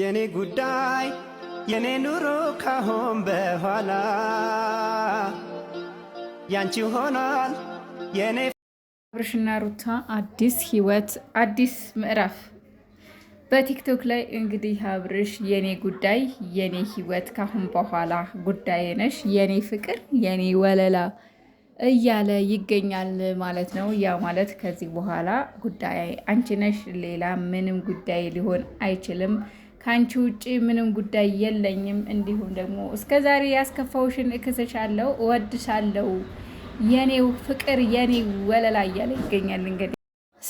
የኔ ጉዳይ የኔ ኑሮ ካሁን በኋላ ያንቺ ሆኗል። የኔ አብርሽና ሩታ አዲስ ህይወት አዲስ ምዕራፍ በቲክቶክ ላይ እንግዲህ አብርሽ የኔ ጉዳይ የኔ ህይወት ካሁን በኋላ ጉዳይ ነሽ የኔ ፍቅር የኔ ወለላ እያለ ይገኛል ማለት ነው። ያ ማለት ከዚህ በኋላ ጉዳይ አንቺ ነሽ፣ ሌላ ምንም ጉዳይ ሊሆን አይችልም ከአንቺ ውጭ ምንም ጉዳይ የለኝም። እንዲሁም ደግሞ እስከ ዛሬ ያስከፋውሽን እክስሻለሁ፣ እወድሻለሁ፣ የኔው ፍቅር፣ የኔ ወለላ እያለ ይገኛል። እንግዲህ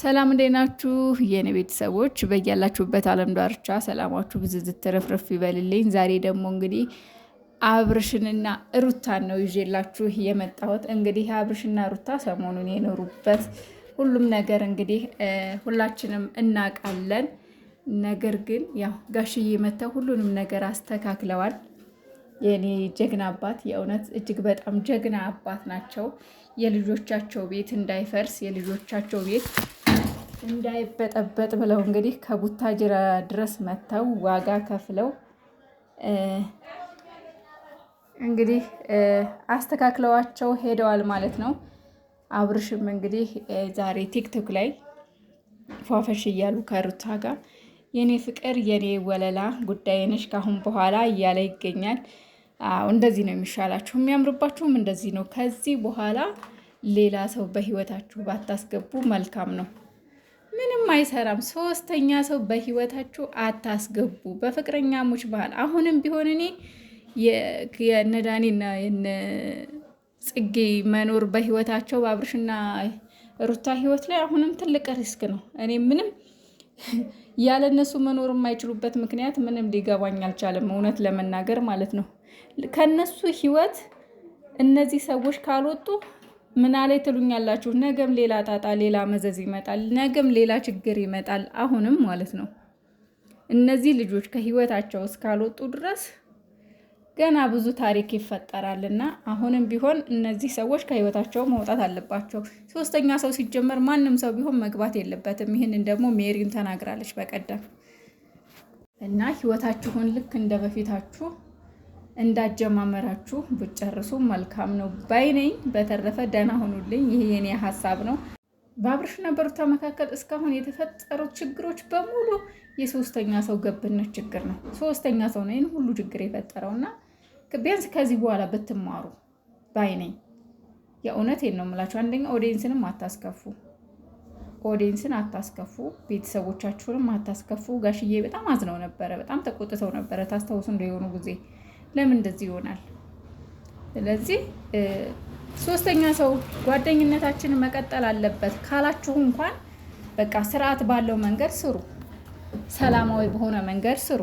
ሰላም እንዴት ናችሁ የኔ ቤተሰቦች? በያላችሁበት አለም ዳርቻ ሰላማችሁ ብዝዝት ትረፍረፍ ይበልልኝ። ዛሬ ደግሞ እንግዲህ አብርሽንና ሩታን ነው ይዤላችሁ የመጣሁት። እንግዲህ አብርሽና ሩታ ሰሞኑን የኖሩበት ሁሉም ነገር እንግዲህ ሁላችንም እናውቃለን። ነገር ግን ያው ጋሽዬ መተው ሁሉንም ነገር አስተካክለዋል። የኔ ጀግና አባት የእውነት እጅግ በጣም ጀግና አባት ናቸው። የልጆቻቸው ቤት እንዳይፈርስ የልጆቻቸው ቤት እንዳይበጠበጥ ብለው እንግዲህ ከቡታጅራ ድረስ መጥተው ዋጋ ከፍለው እንግዲህ አስተካክለዋቸው ሄደዋል ማለት ነው። አብርሽም እንግዲህ ዛሬ ቲክቶክ ላይ ፏፈሽ እያሉ ከሩታ ጋር የኔ ፍቅር የኔ ወለላ ጉዳይ ነሽ ካሁን በኋላ እያለ ይገኛል። እንደዚህ ነው የሚሻላችሁ፣ የሚያምርባችሁም እንደዚህ ነው። ከዚህ በኋላ ሌላ ሰው በህይወታችሁ ባታስገቡ መልካም ነው። ምንም አይሰራም። ሶስተኛ ሰው በህይወታችሁ አታስገቡ በፍቅረኛሞች ባህል። አሁንም ቢሆን እኔ የነ ዳኒና የነ ጽጌ መኖር በህይወታቸው በአብርሽና ሩታ ህይወት ላይ አሁንም ትልቅ ሪስክ ነው። እኔ ምንም ያለ እነሱ መኖር የማይችሉበት ምክንያት ምንም ሊገባኝ አልቻለም፣ እውነት ለመናገር ማለት ነው። ከነሱ ህይወት እነዚህ ሰዎች ካልወጡ ምናላይ ላይ ትሉኛላችሁ? ነገም ሌላ ጣጣ፣ ሌላ መዘዝ ይመጣል። ነገም ሌላ ችግር ይመጣል። አሁንም ማለት ነው እነዚህ ልጆች ከህይወታቸው እስካልወጡ ድረስ ገና ብዙ ታሪክ ይፈጠራል እና አሁንም ቢሆን እነዚህ ሰዎች ከህይወታቸው መውጣት አለባቸው። ሶስተኛ ሰው ሲጀመር ማንም ሰው ቢሆን መግባት የለበትም። ይህንን ደግሞ ሜሪም ተናግራለች በቀደም እና ህይወታችሁን ልክ እንደ በፊታችሁ እንዳጀማመራችሁ ብጨርሱ መልካም ነው ባይነኝ። በተረፈ ደህና ሆኑልኝ። ይህ የኔ ሀሳብ ነው። በአብርሽና በሩታ መካከል እስካሁን የተፈጠሩት ችግሮች በሙሉ የሶስተኛ ሰው ገብነት ችግር ነው። ሶስተኛ ሰው ነው ይህን ሁሉ ችግር የፈጠረውና ቢያንስ ከዚህ በኋላ ብትማሩ ባይ ነኝ። የእውነቴን ነው የምላችሁ። አንደኛ ኦዲየንስንም አታስከፉ፣ ኦዲየንስን አታስከፉ፣ ቤተሰቦቻችሁንም አታስከፉ። ጋሽዬ በጣም አዝነው ነበረ፣ በጣም ተቆጥተው ነበረ። ታስታውሱ እንደሆኑ ጊዜ ለምን እንደዚህ ይሆናል? ስለዚህ ሶስተኛ ሰው ጓደኝነታችን መቀጠል አለበት ካላችሁ እንኳን በቃ ስርዓት ባለው መንገድ ስሩ፣ ሰላማዊ በሆነ መንገድ ስሩ።